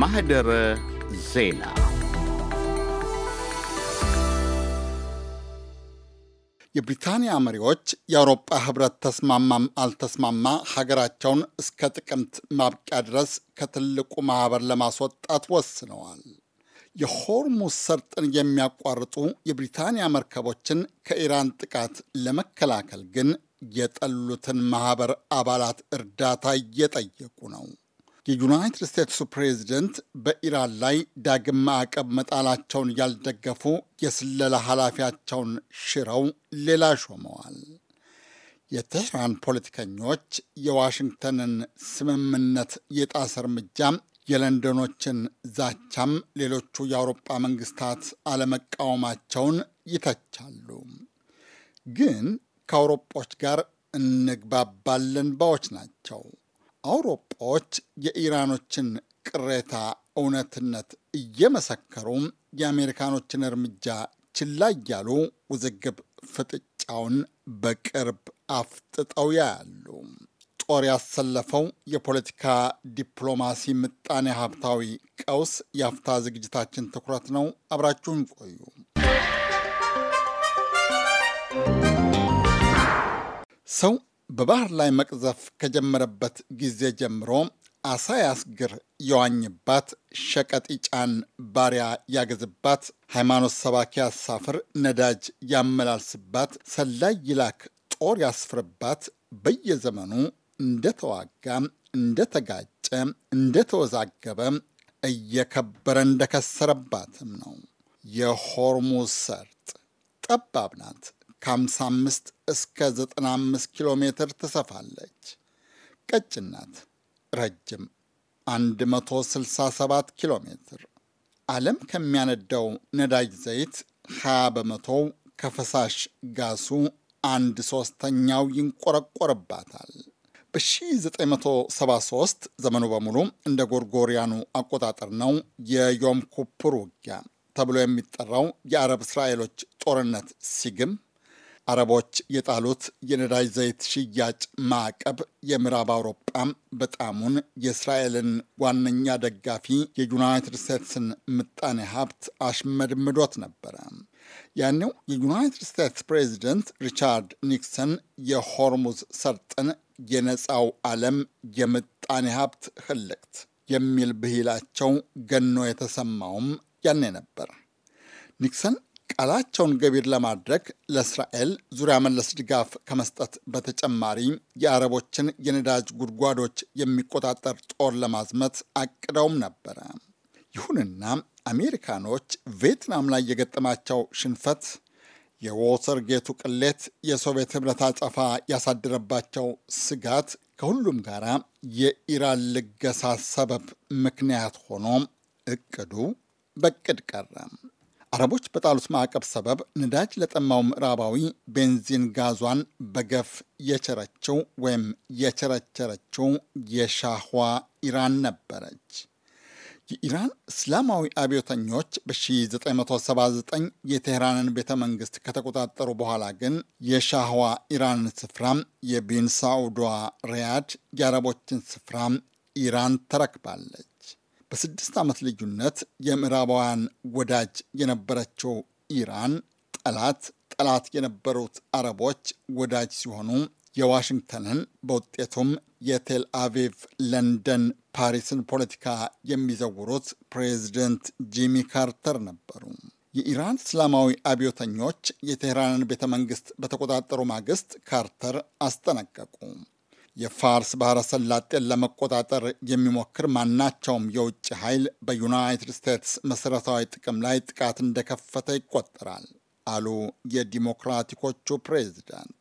ማህደረ ዜና የብሪታንያ መሪዎች የአውሮጳ ህብረት ተስማማም አልተስማማ ሀገራቸውን እስከ ጥቅምት ማብቂያ ድረስ ከትልቁ ማኅበር ለማስወጣት ወስነዋል። የሆርሙዝ ሰርጥን የሚያቋርጡ የብሪታንያ መርከቦችን ከኢራን ጥቃት ለመከላከል ግን የጠሉትን ማኅበር አባላት እርዳታ እየጠየቁ ነው። የዩናይትድ ስቴትሱ ፕሬዝደንት በኢራን ላይ ዳግም ማዕቀብ መጣላቸውን ያልደገፉ የስለላ ኃላፊያቸውን ሽረው ሌላ ሾመዋል። የቴህራን ፖለቲከኞች የዋሽንግተንን ስምምነት የጣሰ እርምጃ የለንደኖችን ዛቻም ሌሎቹ የአውሮጳ መንግስታት አለመቃወማቸውን ይተቻሉ። ግን ከአውሮጶች ጋር እንግባባለን ባዎች ናቸው። አውሮፓዎች የኢራኖችን ቅሬታ እውነትነት እየመሰከሩ የአሜሪካኖችን እርምጃ ችላ እያሉ ውዝግብ ፍጥጫውን በቅርብ አፍጥጠው ያያሉ። ጦር ያሰለፈው የፖለቲካ ዲፕሎማሲ፣ ምጣኔ ሀብታዊ ቀውስ የአፍታ ዝግጅታችን ትኩረት ነው። አብራችሁን ቆዩ። ሰው በባህር ላይ መቅዘፍ ከጀመረበት ጊዜ ጀምሮ አሳ ያስግር የዋኝባት፣ ሸቀጥ ይጫን፣ ባሪያ ያገዝባት፣ ሃይማኖት ሰባኪ ያሳፍር፣ ነዳጅ ያመላልስባት፣ ሰላይ ይላክ፣ ጦር ያስፍርባት በየዘመኑ እንደተዋጋ፣ እንደተጋጨ፣ እንደተወዛገበ እየከበረ እንደከሰረባትም ነው። የሆርሙዝ ሰርጥ ጠባብ ናት። ከ55 እስከ 95 ኪሎ ሜትር ትሰፋለች። ቀጭን ናት። ረጅም 167 ኪሎ ሜትር። ዓለም ከሚያነዳው ነዳጅ ዘይት 20 በመቶው ከፈሳሽ ጋሱ አንድ ሶስተኛው ይንቆረቆርባታል። በ1973 ዘመኑ በሙሉ እንደ ጎርጎሪያኑ አቆጣጠር ነው። የዮም ኩፕር ውጊያ ተብሎ የሚጠራው የአረብ እስራኤሎች ጦርነት ሲግም አረቦች የጣሉት የነዳጅ ዘይት ሽያጭ ማዕቀብ የምዕራብ አውሮጳም በጣሙን የእስራኤልን ዋነኛ ደጋፊ የዩናይትድ ስቴትስን ምጣኔ ሀብት አሽመድምዶት ነበረ። ያኔው የዩናይትድ ስቴትስ ፕሬዚደንት ሪቻርድ ኒክሰን የሆርሙዝ ሰርጥን የነፃው ዓለም የምጣኔ ሀብት ህልቅት የሚል ብሂላቸው ገኖ የተሰማውም ያኔ ነበር። ኒክሰን ቃላቸውን ገቢር ለማድረግ ለእስራኤል ዙሪያ መለስ ድጋፍ ከመስጠት በተጨማሪ የአረቦችን የነዳጅ ጉድጓዶች የሚቆጣጠር ጦር ለማዝመት አቅደውም ነበረ። ይሁንና አሜሪካኖች ቪየትናም ላይ የገጠማቸው ሽንፈት፣ የዎተር ጌቱ ቅሌት፣ የሶቪየት ህብረት አጸፋ ያሳደረባቸው ስጋት ከሁሉም ጋር የኢራን ልገሳ ሰበብ ምክንያት ሆኖ እቅዱ በቅድ ቀረም። አረቦች በጣሉት ማዕቀብ ሰበብ ነዳጅ ለጠማው ምዕራባዊ ቤንዚን ጋዟን በገፍ የቸረችው ወይም የቸረቸረችው የሻህዋ ኢራን ነበረች። የኢራን እስላማዊ አብዮተኞች በ1979 የቴህራንን ቤተ መንግስት ከተቆጣጠሩ በኋላ ግን የሻህዋ ኢራንን ስፍራም የቢን ሳዑዷ ሪያድ፣ የአረቦችን ስፍራም ኢራን ተረክባለች። በስድስት ዓመት ልዩነት የምዕራባውያን ወዳጅ የነበረችው ኢራን ጠላት፣ ጠላት የነበሩት አረቦች ወዳጅ ሲሆኑ የዋሽንግተንን በውጤቱም የቴል አቪቭ፣ ለንደን፣ ፓሪስን ፖለቲካ የሚዘውሩት ፕሬዚደንት ጂሚ ካርተር ነበሩ። የኢራን እስላማዊ አብዮተኞች የቴህራንን ቤተ መንግስት በተቆጣጠሩ ማግስት ካርተር አስጠነቀቁ። የፋርስ ባህረ ሰላጤን ለመቆጣጠር የሚሞክር ማናቸውም የውጭ ኃይል በዩናይትድ ስቴትስ መሠረታዊ ጥቅም ላይ ጥቃት እንደከፈተ ይቆጠራል አሉ የዲሞክራቲኮቹ ፕሬዚዳንት።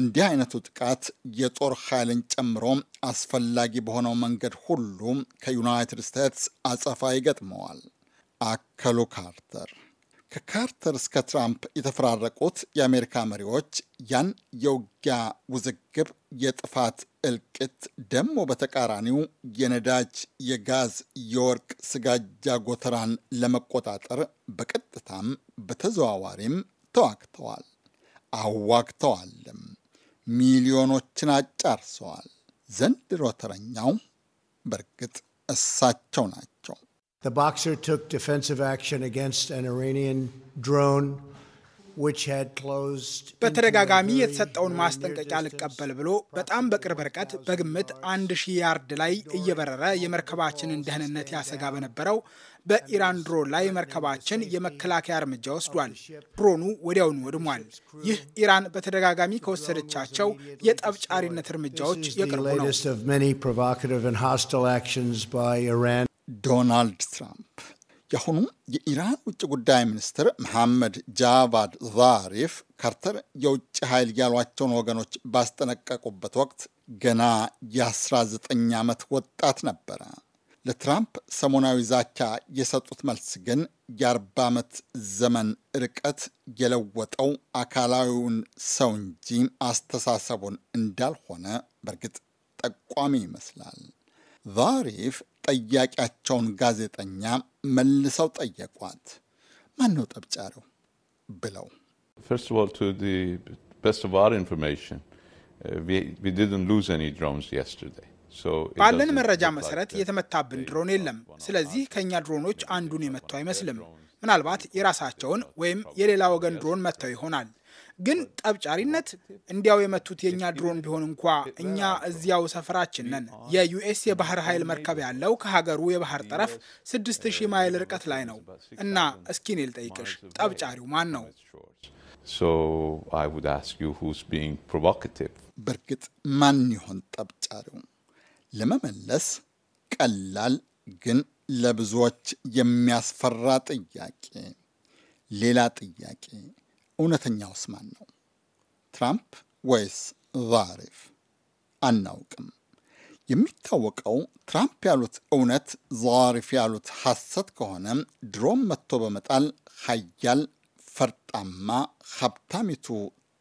እንዲህ አይነቱ ጥቃት የጦር ኃይልን ጨምሮ አስፈላጊ በሆነው መንገድ ሁሉ ከዩናይትድ ስቴትስ አጸፋ ይገጥመዋል አከሉ ካርተር ከካርተር እስከ ትራምፕ የተፈራረቁት የአሜሪካ መሪዎች ያን የውጊያ ውዝግብ፣ የጥፋት እልቅት ደግሞ በተቃራኒው የነዳጅ፣ የጋዝ፣ የወርቅ ስጋጃ ጎተራን ለመቆጣጠር በቀጥታም በተዘዋዋሪም ተዋግተዋል፣ አዋግተዋልም፣ ሚሊዮኖችን አጫርሰዋል። ዘንድሮ ተረኛው በእርግጥ እሳቸው ናቸው። The boxer took defensive action against an Iranian drone. በተደጋጋሚ የተሰጠውን ማስጠንቀቂያ ልቀበል ብሎ በጣም በቅርብ ርቀት በግምት አንድ ሺህ ያርድ ላይ እየበረረ የመርከባችንን ደህንነት ያሰጋ በነበረው በኢራን ድሮን ላይ መርከባችን የመከላከያ እርምጃ ወስዷል። ድሮኑ ወዲያውኑ ወድሟል። ይህ ኢራን በተደጋጋሚ ከወሰደቻቸው የጠብጫሪነት እርምጃዎች የቅርቡ ነው። ዶናልድ ትራምፕ የአሁኑ የኢራን ውጭ ጉዳይ ሚኒስትር መሐመድ ጃቫድ ዛሪፍ ካርተር የውጭ ኃይል ያሏቸውን ወገኖች ባስጠነቀቁበት ወቅት ገና የ19 ዓመት ወጣት ነበረ። ለትራምፕ ሰሞናዊ ዛቻ የሰጡት መልስ ግን የ40 ዓመት ዘመን ርቀት የለወጠው አካላዊውን ሰው እንጂ አስተሳሰቡን እንዳልሆነ በእርግጥ ጠቋሚ ይመስላል። ዛሪፍ ጠያቂያቸውን ጋዜጠኛ መልሰው ጠየቋት። ማን ነው ጠብጫሪው ብለው uh, ባለን መረጃ መሰረት የተመታብን ድሮን የለም። ስለዚህ ከእኛ ድሮኖች አንዱን የመታው አይመስልም። ምናልባት የራሳቸውን ወይም የሌላ ወገን ድሮን መጥተው ይሆናል። ግን ጠብጫሪነት እንዲያው የመቱት የእኛ ድሮን ቢሆን እንኳ እኛ እዚያው ሰፈራችን ነን። የዩኤስ የባህር ኃይል መርከብ ያለው ከሀገሩ የባህር ጠረፍ 6000 ማይል ርቀት ላይ ነው እና እስኪ እኔ ልጠይቅሽ ጠብጫሪው ማን ነው? በእርግጥ ማን ይሆን ጠብጫሪው? ለመመለስ ቀላል ግን ለብዙዎች የሚያስፈራ ጥያቄ ሌላ ጥያቄ እውነተኛውስ ማን ነው? ትራምፕ ወይስ ዛሪፍ አናውቅም። የሚታወቀው ትራምፕ ያሉት እውነት፣ ዛሪፍ ያሉት ሐሰት ከሆነ ድሮም መጥቶ በመጣል ሀያል ፈርጣማ ሀብታሚቱ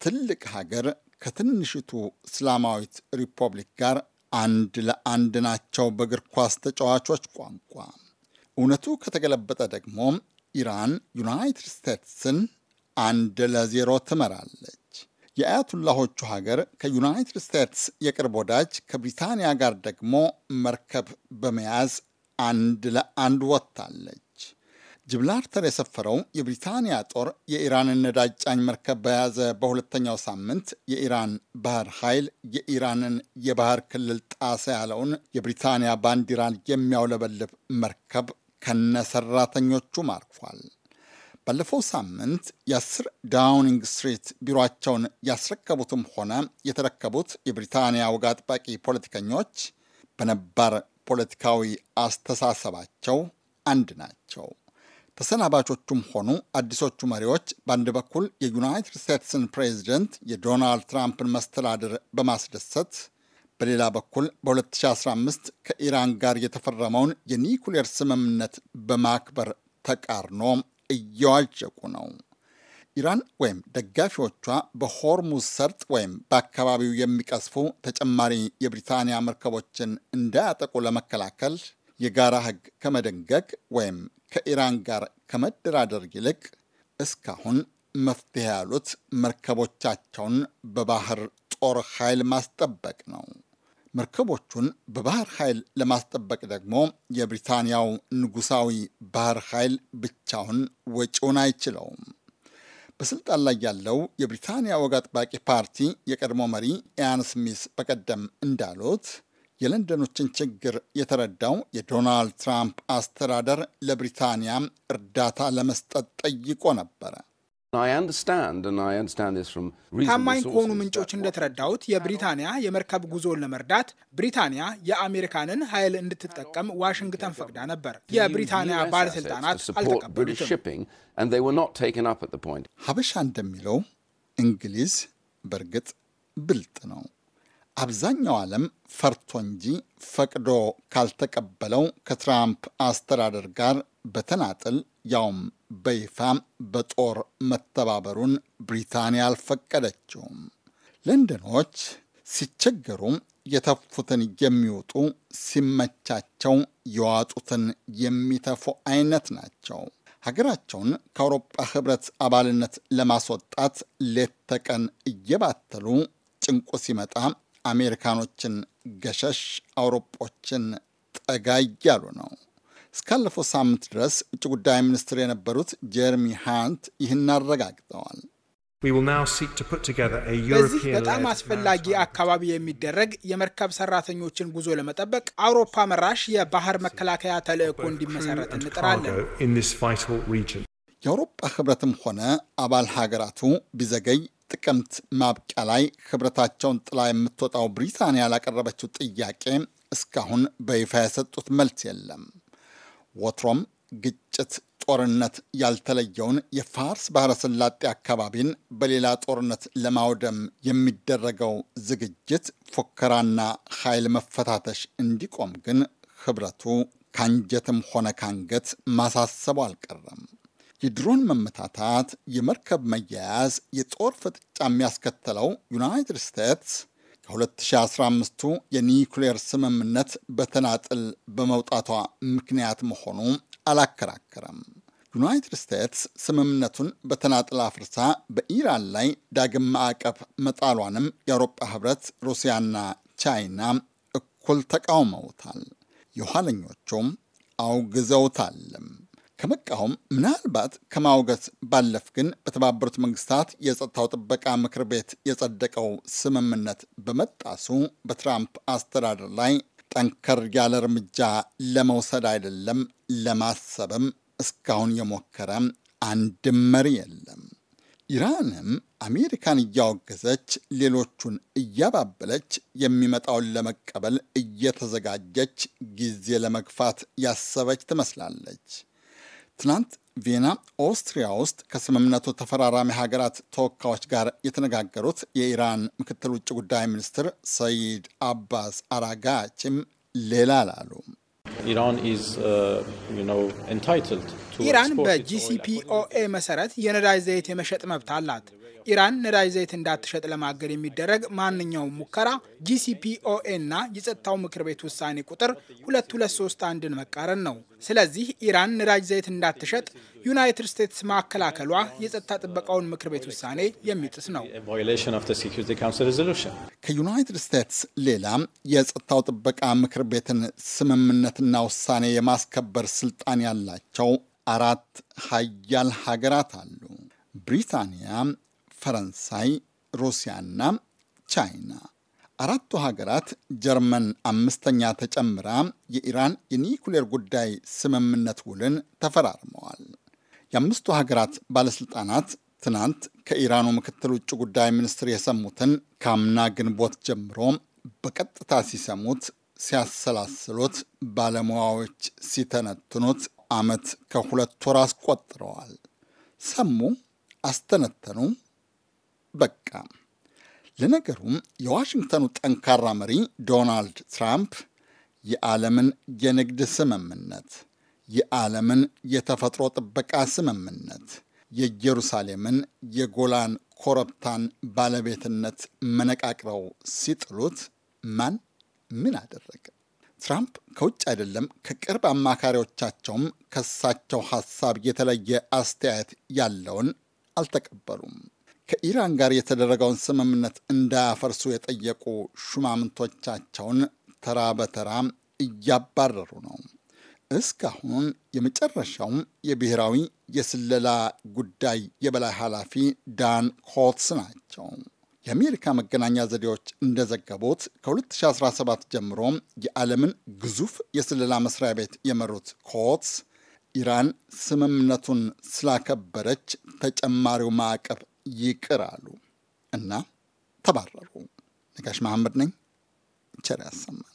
ትልቅ ሀገር ከትንሽቱ እስላማዊት ሪፐብሊክ ጋር አንድ ለአንድ ናቸው በእግር ኳስ ተጫዋቾች ቋንቋ። እውነቱ ከተገለበጠ ደግሞ ኢራን ዩናይትድ ስቴትስን አንድ ለዜሮ ትመራለች። የአያቱላሆቹ ሀገር ከዩናይትድ ስቴትስ የቅርብ ወዳጅ ከብሪታንያ ጋር ደግሞ መርከብ በመያዝ አንድ ለአንድ ወጥታለች። ጅብላርተር የሰፈረው የብሪታንያ ጦር የኢራንን ነዳጅ ጫኝ መርከብ በያዘ በሁለተኛው ሳምንት የኢራን ባህር ኃይል የኢራንን የባህር ክልል ጣሰ ያለውን የብሪታንያ ባንዲራን የሚያውለበልብ መርከብ ከነሰራተኞቹ ማርኳል። ባለፈው ሳምንት የአስር ዳውኒንግ ስትሪት ቢሮቸውን ያስረከቡትም ሆነ የተረከቡት የብሪታንያ ወግ አጥባቂ ፖለቲከኞች በነባር ፖለቲካዊ አስተሳሰባቸው አንድ ናቸው። ተሰናባቾቹም ሆኑ አዲሶቹ መሪዎች በአንድ በኩል የዩናይትድ ስቴትስን ፕሬዚደንት የዶናልድ ትራምፕን መስተዳድር በማስደሰት በሌላ በኩል በ2015 ከኢራን ጋር የተፈረመውን የኒኩሌር ስምምነት በማክበር ተቃርኖ እየዋዠቁ ነው። ኢራን ወይም ደጋፊዎቿ በሆርሙዝ ሰርጥ ወይም በአካባቢው የሚቀስፉ ተጨማሪ የብሪታንያ መርከቦችን እንዳያጠቁ ለመከላከል የጋራ ሕግ ከመደንገግ ወይም ከኢራን ጋር ከመደራደር ይልቅ እስካሁን መፍትሄ ያሉት መርከቦቻቸውን በባህር ጦር ኃይል ማስጠበቅ ነው። መርከቦቹን በባህር ኃይል ለማስጠበቅ ደግሞ የብሪታንያው ንጉሳዊ ባህር ኃይል ብቻውን ወጪውን አይችለውም። በስልጣን ላይ ያለው የብሪታንያ ወግ አጥባቂ ፓርቲ የቀድሞ መሪ ኢያን ስሚስ በቀደም እንዳሉት የለንደኖችን ችግር የተረዳው የዶናልድ ትራምፕ አስተዳደር ለብሪታንያ እርዳታ ለመስጠት ጠይቆ ነበረ። ታማኝ ከሆኑ ምንጮች እንደተረዳሁት የብሪታንያ የመርከብ ጉዞን ለመርዳት ብሪታንያ የአሜሪካንን ኃይል እንድትጠቀም ዋሽንግተን ፈቅዳ ነበር። የብሪታንያ ባለስልጣናት አልተቀበሉትም። ሀበሻ እንደሚለው እንግሊዝ በእርግጥ ብልጥ ነው። አብዛኛው ዓለም ፈርቶ እንጂ ፈቅዶ ካልተቀበለው ከትራምፕ አስተዳደር ጋር በተናጥል ያውም በይፋም በጦር መተባበሩን ብሪታንያ አልፈቀደችውም። ለንደኖች ሲቸገሩ የተፉትን የሚወጡ ሲመቻቸው የዋጡትን የሚተፉ አይነት ናቸው። ሀገራቸውን ከአውሮጳ ህብረት አባልነት ለማስወጣት ሌት ተቀን እየባተሉ ጭንቁ ሲመጣ አሜሪካኖችን ገሸሽ፣ አውሮጶችን ጠጋ እያሉ ነው። እስካለፈው ሳምንት ድረስ ውጭ ጉዳይ ሚኒስትር የነበሩት ጀርሚ ሃንት ይህን አረጋግጠዋል። በዚህ በጣም አስፈላጊ አካባቢ የሚደረግ የመርከብ ሰራተኞችን ጉዞ ለመጠበቅ አውሮፓ መራሽ የባህር መከላከያ ተልዕኮ እንዲመሰረት እንጥራለን። የአውሮፓ ህብረትም ሆነ አባል ሀገራቱ ቢዘገይ ጥቅምት ማብቂያ ላይ ህብረታቸውን ጥላ የምትወጣው ብሪታንያ ላቀረበችው ጥያቄ እስካሁን በይፋ የሰጡት መልስ የለም። ወትሮም ግጭት፣ ጦርነት ያልተለየውን የፋርስ ባህረ ሰላጤ አካባቢን በሌላ ጦርነት ለማውደም የሚደረገው ዝግጅት፣ ፉከራና ኃይል መፈታተሽ እንዲቆም ግን ህብረቱ ካንጀትም ሆነ ካንገት ማሳሰቡ አልቀረም። የድሮን መመታታት፣ የመርከብ መያያዝ፣ የጦር ፍጥጫ የሚያስከተለው ዩናይትድ ስቴትስ ከ2015ቱ የኒውክሌር ስምምነት በተናጥል በመውጣቷ ምክንያት መሆኑ አላከራከረም። ዩናይትድ ስቴትስ ስምምነቱን በተናጥል አፍርሳ በኢራን ላይ ዳግም ማዕቀብ መጣሏንም የአውሮፓ ህብረት ሩሲያና ቻይና እኩል ተቃውመውታል። የኋለኞቹም አውግዘውታልም። ከመቃወም ምናልባት ከማውገት ባለፍ ግን በተባበሩት መንግስታት የጸጥታው ጥበቃ ምክር ቤት የጸደቀው ስምምነት በመጣሱ በትራምፕ አስተዳደር ላይ ጠንከር ያለ እርምጃ ለመውሰድ አይደለም ለማሰብም እስካሁን የሞከረ አንድም መሪ የለም። ኢራንም አሜሪካን እያወገዘች ሌሎቹን እያባበለች የሚመጣውን ለመቀበል እየተዘጋጀች ጊዜ ለመግፋት ያሰበች ትመስላለች። ትናንት ቪየና ኦስትሪያ ውስጥ ከስምምነቱ ተፈራራሚ ሀገራት ተወካዮች ጋር የተነጋገሩት የኢራን ምክትል ውጭ ጉዳይ ሚኒስትር ሰይድ አባስ አራጋችም ሌላ አላሉ። ኢራን uh, በጂሲፒኦኤ መሰረት የነዳጅ ዘይት የመሸጥ መብት አላት። ኢራን ነዳጅ ዘይት እንዳትሸጥ ለማገድ የሚደረግ ማንኛውም ሙከራ ጂሲፒኦኤ እና የጸጥታው ምክር ቤት ውሳኔ ቁጥር 2231ን መቃረን ነው። ስለዚህ ኢራን ነዳጅ ዘይት እንዳትሸጥ ዩናይትድ ስቴትስ ማከላከሏ የጸጥታ ጥበቃውን ምክር ቤት ውሳኔ የሚጥስ ነው። ከዩናይትድ ስቴትስ ሌላ የጸጥታው ጥበቃ ምክር ቤትን ስምምነትና ውሳኔ የማስከበር ስልጣን ያላቸው አራት ሀያል ሀገራት አሉ። ብሪታንያ ፈረንሳይ፣ ሩሲያና ቻይና። አራቱ ሀገራት ጀርመን አምስተኛ ተጨምራ የኢራን የኒኩሌር ጉዳይ ስምምነት ውልን ተፈራርመዋል። የአምስቱ ሀገራት ባለሥልጣናት ትናንት ከኢራኑ ምክትል ውጭ ጉዳይ ሚኒስትር የሰሙትን ከአምና ግንቦት ጀምሮ በቀጥታ ሲሰሙት፣ ሲያሰላስሉት፣ ባለሙያዎች ሲተነትኑት ዓመት ከሁለት ወር አስቆጥረዋል። ሰሙ፣ አስተነተኑ፣ በቃ። ለነገሩም የዋሽንግተኑ ጠንካራ መሪ ዶናልድ ትራምፕ የዓለምን የንግድ ስምምነት፣ የዓለምን የተፈጥሮ ጥበቃ ስምምነት፣ የኢየሩሳሌምን የጎላን ኮረብታን ባለቤትነት መነቃቅረው ሲጥሉት ማን ምን አደረገ? ትራምፕ ከውጭ አይደለም ከቅርብ አማካሪዎቻቸውም ከሳቸው ሐሳብ የተለየ አስተያየት ያለውን አልተቀበሉም። ከኢራን ጋር የተደረገውን ስምምነት እንዳያፈርሱ የጠየቁ ሹማምንቶቻቸውን ተራ በተራ እያባረሩ ነው። እስካሁን የመጨረሻውም የብሔራዊ የስለላ ጉዳይ የበላይ ኃላፊ ዳን ኮትስ ናቸው። የአሜሪካ መገናኛ ዘዴዎች እንደዘገቡት ከ2017 ጀምሮ የዓለምን ግዙፍ የስለላ መስሪያ ቤት የመሩት ኮትስ ኢራን ስምምነቱን ስላከበረች ተጨማሪው ማዕቀብ ይቅር አሉ እና ተባረሩ። ነጋሽ መሐመድ ነኝ። ቸር ያሰማል።